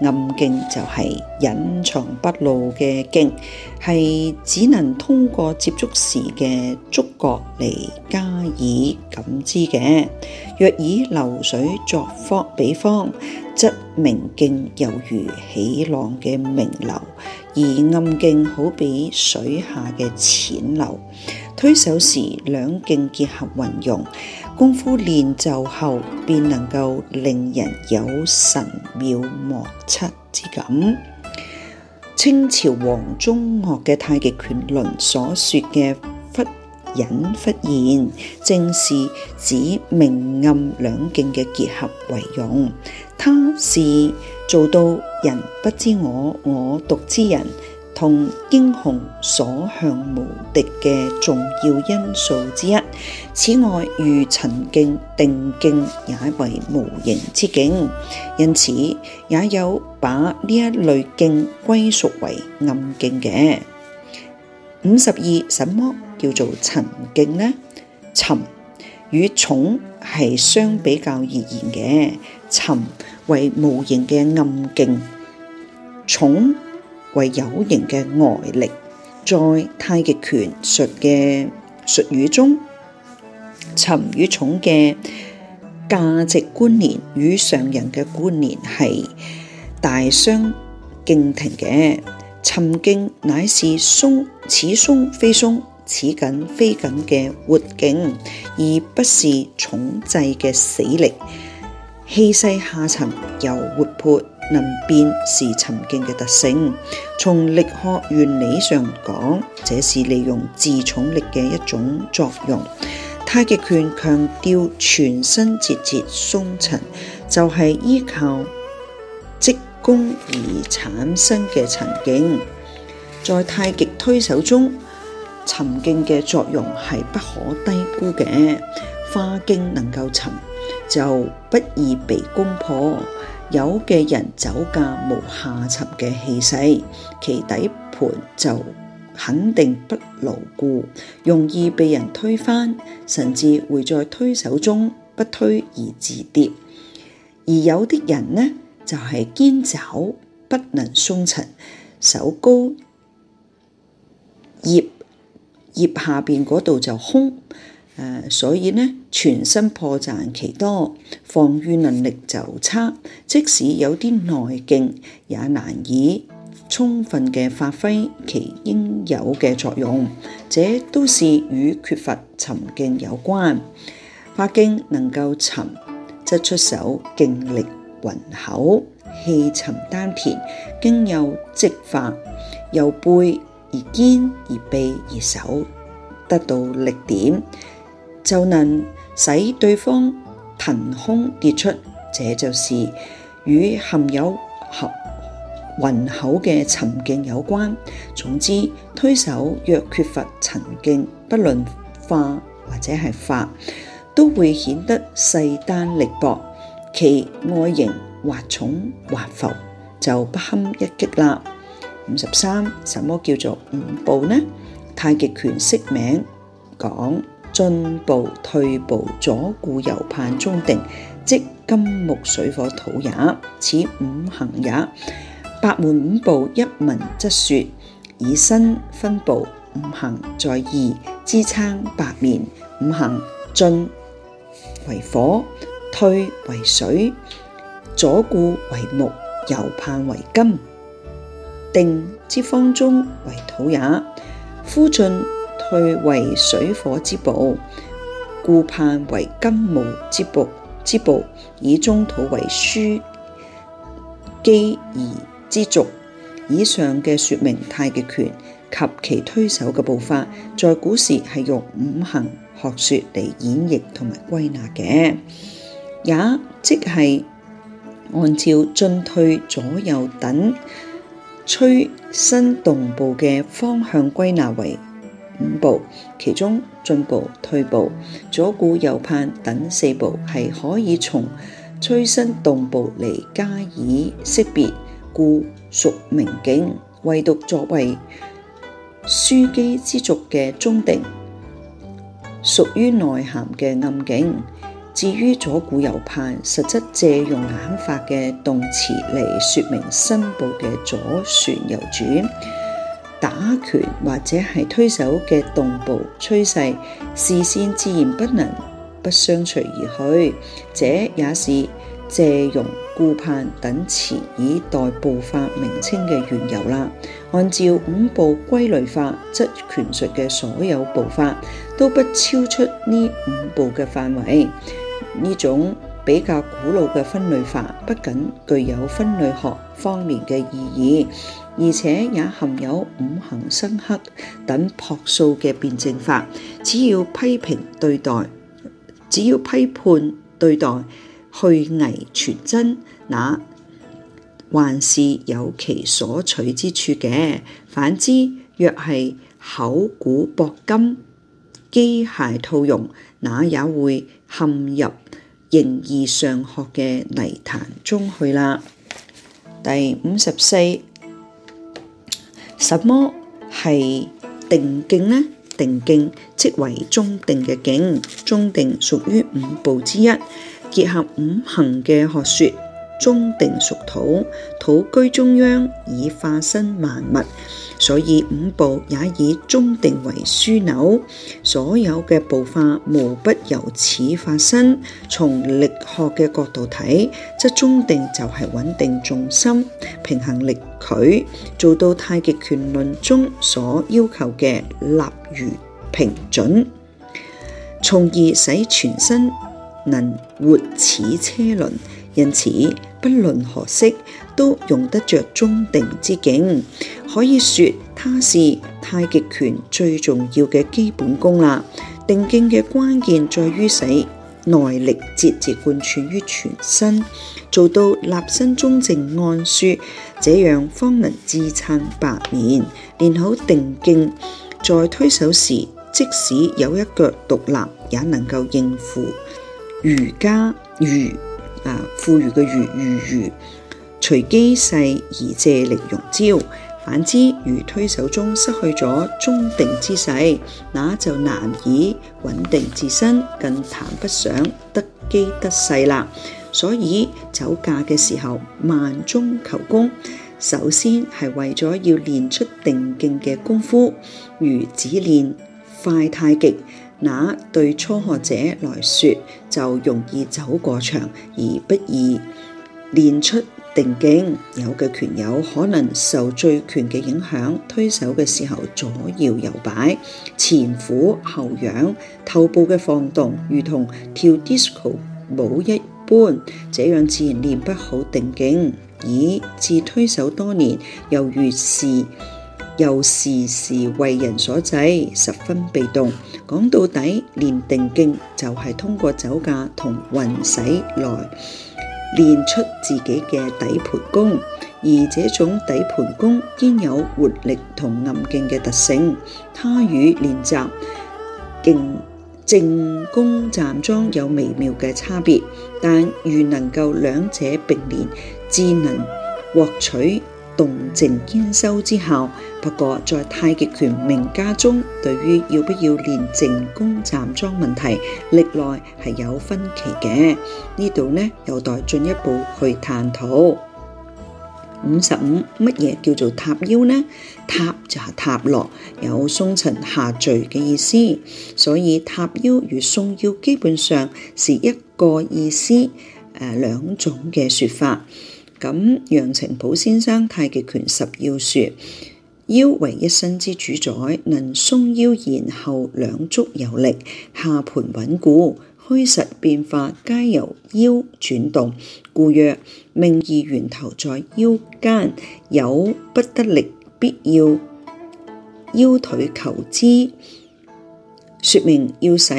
暗勁就係隱藏不露嘅勁，係只能通過接觸時嘅觸覺嚟加以感知嘅。若以流水作方比方，則明勁猶如起浪嘅明流，而暗勁好比水下嘅淺流。推手時兩勁結合運用。功夫練就後，便能夠令人有神妙莫測之感。清朝王宗岳嘅太極拳論所說嘅忽隱忽現，正是指明暗兩境嘅結合為用。他是做到人不知我，我獨知人，同英雄所向無敵嘅重要因素之一。此外，如沉勁、定勁，也為無形之勁，因此也有把呢一類勁歸屬為暗勁嘅。五十二，什麼叫做沉勁呢？沉與重係相比較而言嘅，沉為無形嘅暗勁，重，為有形嘅外力，在太極拳術嘅術語中，沉與重嘅價值觀念與常人嘅觀念係大相徑庭嘅。沉勁乃是鬆，似鬆非鬆，似緊非緊嘅活勁，而不是重滯嘅死力，氣勢下沉又活潑。能變是沉勁嘅特性，從力學原理上講，這是利用自重力嘅一種作用。太極拳強調全身節節鬆沉，就係、是、依靠積功而產生嘅沉勁。在太極推手中，沉勁嘅作用係不可低估嘅。花勁能夠沉，就不易被攻破。有嘅人走架無下沉嘅氣勢，其底盤就肯定不牢固，容易被人推翻，甚至會在推手中不推而自跌。而有啲人呢，就係、是、肩肘不能鬆沉，手高腋，腋下邊嗰度就空。呃、所以呢，全身破綻其多，防御能力就差。即使有啲內勁，也難以充分嘅發揮其應有嘅作用。這都是與缺乏沉勁有關。發勁能夠沉，則出手勁力渾厚，氣沉丹田，勁由脊發，由背而肩而臂而手得到力點。就能使對方騰空跌出，這就是與含有合混口嘅沉勁有關。總之，推手若缺乏沉勁，不論化或者係化，都會顯得勢單力薄，其外形或重或浮，就不堪一擊啦。五十三，什麼叫做五步呢？太極拳識名講。進步退步左顧右盼中定，即金木水火土也。此五行也。八門五步一文則說，以身分步五行在二，支撐八面五行進為火，退為水，左顧為木，右盼為金，定之方中為土也。夫進。去為水火之步，顧盼為金木之步之步，以中土為樞機而之足。以上嘅說明，太極拳及其推手嘅步法，在古時係用五行學說嚟演繹同埋歸納嘅，也即係按照進退左右等趨身動步嘅方向歸納為。五步，其中進步、退步、左顧右盼等四步係可以從催生動步嚟加以識別，故屬明境；唯獨作為樞機之軸嘅中定，屬於內涵嘅暗境。至於左顧右盼，實質借用眼法嘅動詞嚟說明身步嘅左旋右轉。打拳或者係推手嘅動步趨勢，視線自然不能不相隨而去，這也是借用顧盼等詞以代步法名稱嘅緣由啦。按照五步歸類法，則拳術嘅所有步法都不超出呢五步嘅範圍。呢種比較古老嘅分類法，不僅具有分類學方面嘅意義。而且也含有五行生剋等樸素嘅辯證法，只要批評對待，只要批判對待，去偽存真，那還是有其所取之處嘅。反之，若係口古薄今、機械套用，那也會陷入形而上學嘅泥潭中去啦。第五十四。什麼係定境呢？定境即為中定嘅境，中定屬於五步之一，結合五行嘅學說。中定屬土，土居中央，以化身萬物，所以五步也以中定為樞紐，所有嘅步法無不由此發生。從力學嘅角度睇，則中定就係穩定重心、平衡力矩，做到太極拳論中所要求嘅立如平準，從而使全身能活似車輪，因此，不論何式，都用得着中定之境。可以說，它是太極拳最重要嘅基本功啦。定勁嘅關鍵在於使內力節節貫穿於全身，做到立身中正安舒，這樣方能支撐百年。練好定勁，在推手時，即使有一腳獨立，也能夠應付。瑜伽，如啊！富裕嘅如如如，隨機勢而借力容招。反之，如推手中失去咗中定之勢，那就難以穩定自身，更談不上得機得勢啦。所以走架嘅時候，慢中求功，首先係為咗要練出定勁嘅功夫，如只練快太極。那對初學者來說就容易走過場而不易練出定境，有嘅拳友可能受醉拳嘅影響，推手嘅時候左搖右擺、前俯後仰、頭部嘅晃動，如同跳 disco 舞一般，這樣自然練不好定境。以至推手多年，猶如是。又時時為人所制，十分被動。講到底，練定勁就係通過走架同運使來練出自己嘅底盤功，而這種底盤功兼有活力同暗勁嘅特性。它與練習勁正功站樁有微妙嘅差別，但如能夠兩者並練，自能獲取。動靜兼修之後。不過在太極拳名家中，對於要不要練靜功站樁問題，歷來係有分歧嘅。呢度呢，有待進一步去探討。五十五，乜嘢叫做塌腰呢？塌就係塌落，有鬆沉下墜嘅意思。所以塌腰與鬆腰基本上是一個意思，誒、呃、兩種嘅說法。咁楊澄普先生太極拳十要說，腰為一身之主宰，能鬆腰，然後兩足有力，下盤穩固，虛實變化皆由腰轉動，故曰命意源頭在腰間，有不得力，必要腰腿求之，說明要使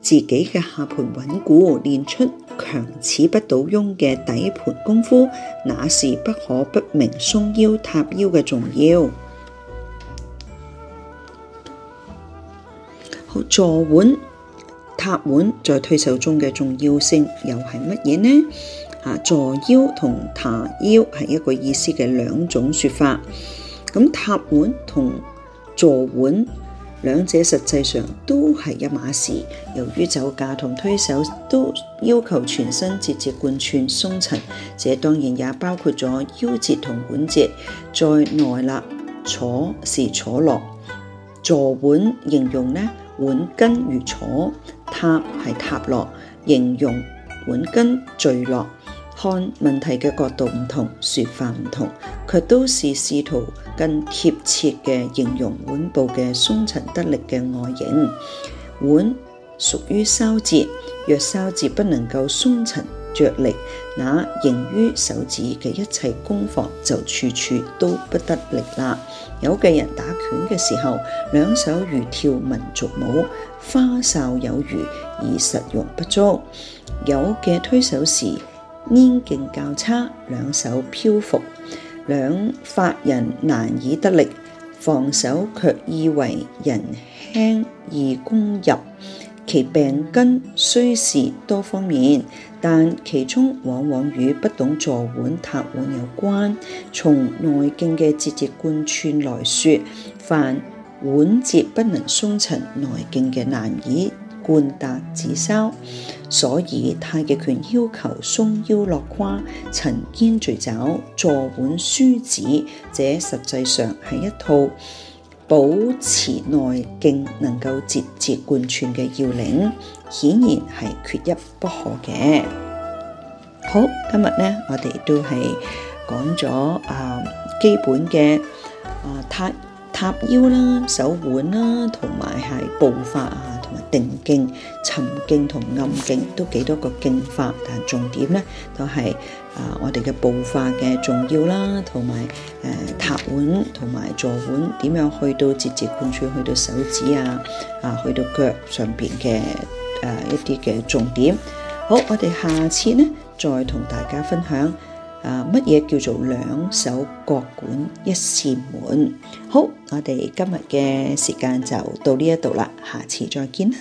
自己嘅下盤穩固練出強此不倒翁嘅底盤功夫，那是不可不明鬆腰塌腰嘅重要。好，坐腕、踏腕，在推手中嘅重要性又係乜嘢呢？啊，坐腰同塌腰係一個意思嘅兩種說法。咁踏腕同坐腕。兩者實際上都係一碼事，由於走架同推手都要求全身節節貫穿鬆沉，這當然也包括咗腰節同腕節。在內立坐是坐落，坐腕形容呢腕根如坐，塌係塌落，形容腕根墜落。看問題嘅角度唔同，說法唔同。卻都是試圖更貼切嘅形容腕部嘅鬆沉得力嘅外形。腕屬於梢節，若梢節不能夠鬆沉着力，那形於手指嘅一切功課就處處都不得力啦。有嘅人打拳嘅時候，兩手如跳民族舞，花哨有餘而實用不足；有嘅推手時，粘勁較差，兩手漂浮。兩發人難以得力，防守卻易為人輕易攻入。其病根雖是多方面，但其中往往與不懂坐腕、塌腕有關。從內勁嘅節節貫穿來說，凡腕節不能鬆沉，內勁嘅難以貫達至梢。所以太極拳要求鬆腰落胯、沉肩墜肘、坐腕舒指，這實際上係一套保持內勁能夠節節貫串嘅要領，顯然係缺一不可嘅。好，今日呢我哋都係講咗啊、呃、基本嘅啊塌腰啦、手腕啦，同埋係步伐。定勁、沉勁同暗勁都幾多個勁法，但重點咧都係啊、呃，我哋嘅步法嘅重要啦，同埋誒塌腕同埋坐腕，點樣去到節節貫串，去到手指啊啊，去到腳上邊嘅誒一啲嘅重點。好，我哋下次咧再同大家分享。啊！乜嘢叫做兩手各管一扇門？好，我哋今日嘅時間就到呢一度啦，下次再見啦。